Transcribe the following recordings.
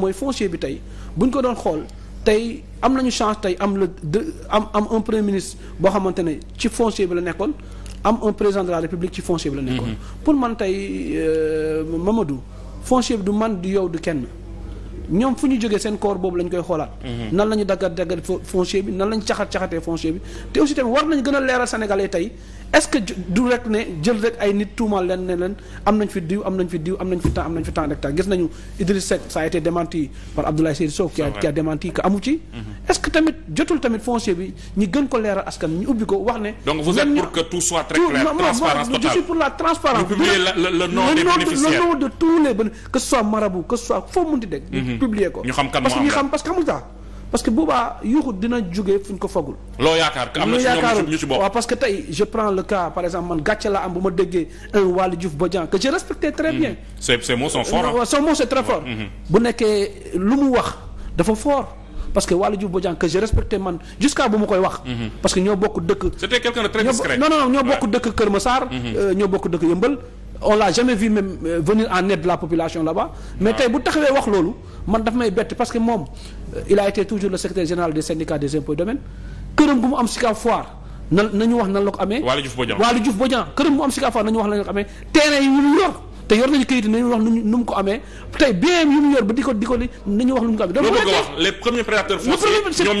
mooy foncier bi tey bu ñu ko doon xool tey am nañu chance tey am la de am am un premier ministre boo xamante ne ci foncier bi la nekkoon am un président de la république ci foncier bi la nekkoon. Mm-hmm. pour man tey euh, Mamadou foncier bi du man di yow du kenn. ñoom fu ñu jógee seen corps boobu lañ koy xoolaat. Mhm. nan la ñu daggat daggat bi nan la caxat caxatee foncier bi te aussi tamit war nañ gën a leeral sénégalais tey est-ce que du rek ne jël rek ay nit tuumal leen ne leen am nañ fi diw am nañ fi diw am nañ fi temps am nañ fi temps d'hectare gis nañu Idriss Seck ça a été démenti par Abdoulaye amu ci. Mhm. est tamit jotul tamit foncier bi ñi gën ko leeral askan ñu ubbi ko wax ne. donc vous êtes pour que tout soit de tous les que ce soit marabout que ce soit publier ko. ñu xam kan moo am parce que ñu xam parce que xamul tax parce que boobaa yuuxu dina jógee fuñ ko fagul. loo yaakaar am na ci ñoom parce que tey je prends le cas par exemple man gàcce laa am bu ma déggee un Waly Diouf que j'ai respecté très mhm. bien. ses ses mots sont très fort. Mhm. bu nekkee lu mu wax dafa fort. parce que Waly Diouf Bodian que j'ai respecté man jusqu'à bu ma koy wax. Mhm. parce que ñoo bokk dëkk. c'était quelqu'un ñoo bokk dëkk Kër Massar. Euh, ñoo bokk dëkk Yëmbal. on l'a jamais vu même euh, venir en aide la population là-bas mais ah. tey bu taxawee wax loolu man daf may bett parce que moom euh, il a été toujours le secrétaire général des syndicats des impôts et domaines këram gu mu am Sicap Foire na nañu wax nan la ko amee Waly Diouf Bodian Waly Diouf Bodian këram mu nañu wax nan la ko amee terrain yi mu yor te yor nañu këyit nañu wax nu mu ko amee tey BM yu mu yor ba di ko di ko li wax nu mu ko amee donc les premiers prédateurs fonciers ñoom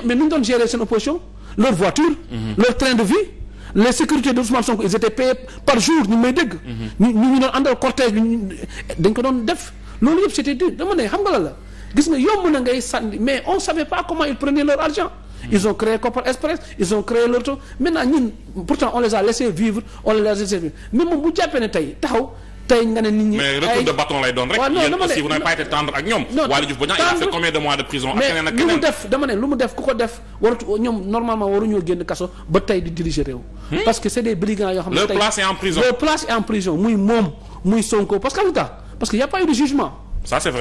mais nu ñu doon gérer seen opposition leur voiture mhm. leur train de vie les sécurités de Ousmane Sonko ils étaient payés par jour ñu may dégg mhm. ñu ñu doon àndal cortège dañ ko doon def loolu yëpp c'était dur dama ne xam nga la la gis nga yomb na ngay sànni mais on savait pas comment ils prenaient leur argent mhm. ils ont créé Copper Express ils ont créé leur taux maintenant ñun pourtant on les a laissé vivre on les a vivre mais moom bu jàppee ne tey taxaw tey nga ne nit ñi mais retour de bâton lay doon rek. waaw non dama ne yéen aussi vous n'avez pas été tendre ak ñoom. non Waly Diouf Bodiang il a fait combien de mois de prison. ak keneen ak keneen mais lu mu def dama ne lu mu def ku ko def waratu ñoom normalement waruñoo génn kaso ba tey di diriger réew. Hmm? parce que c'est des brigands yoo xam ne tey leur place est en prison leur place est en prison muy moom muy Sonko parce que lu tax parce que y a pas eu de jugement. ça c'est vrai.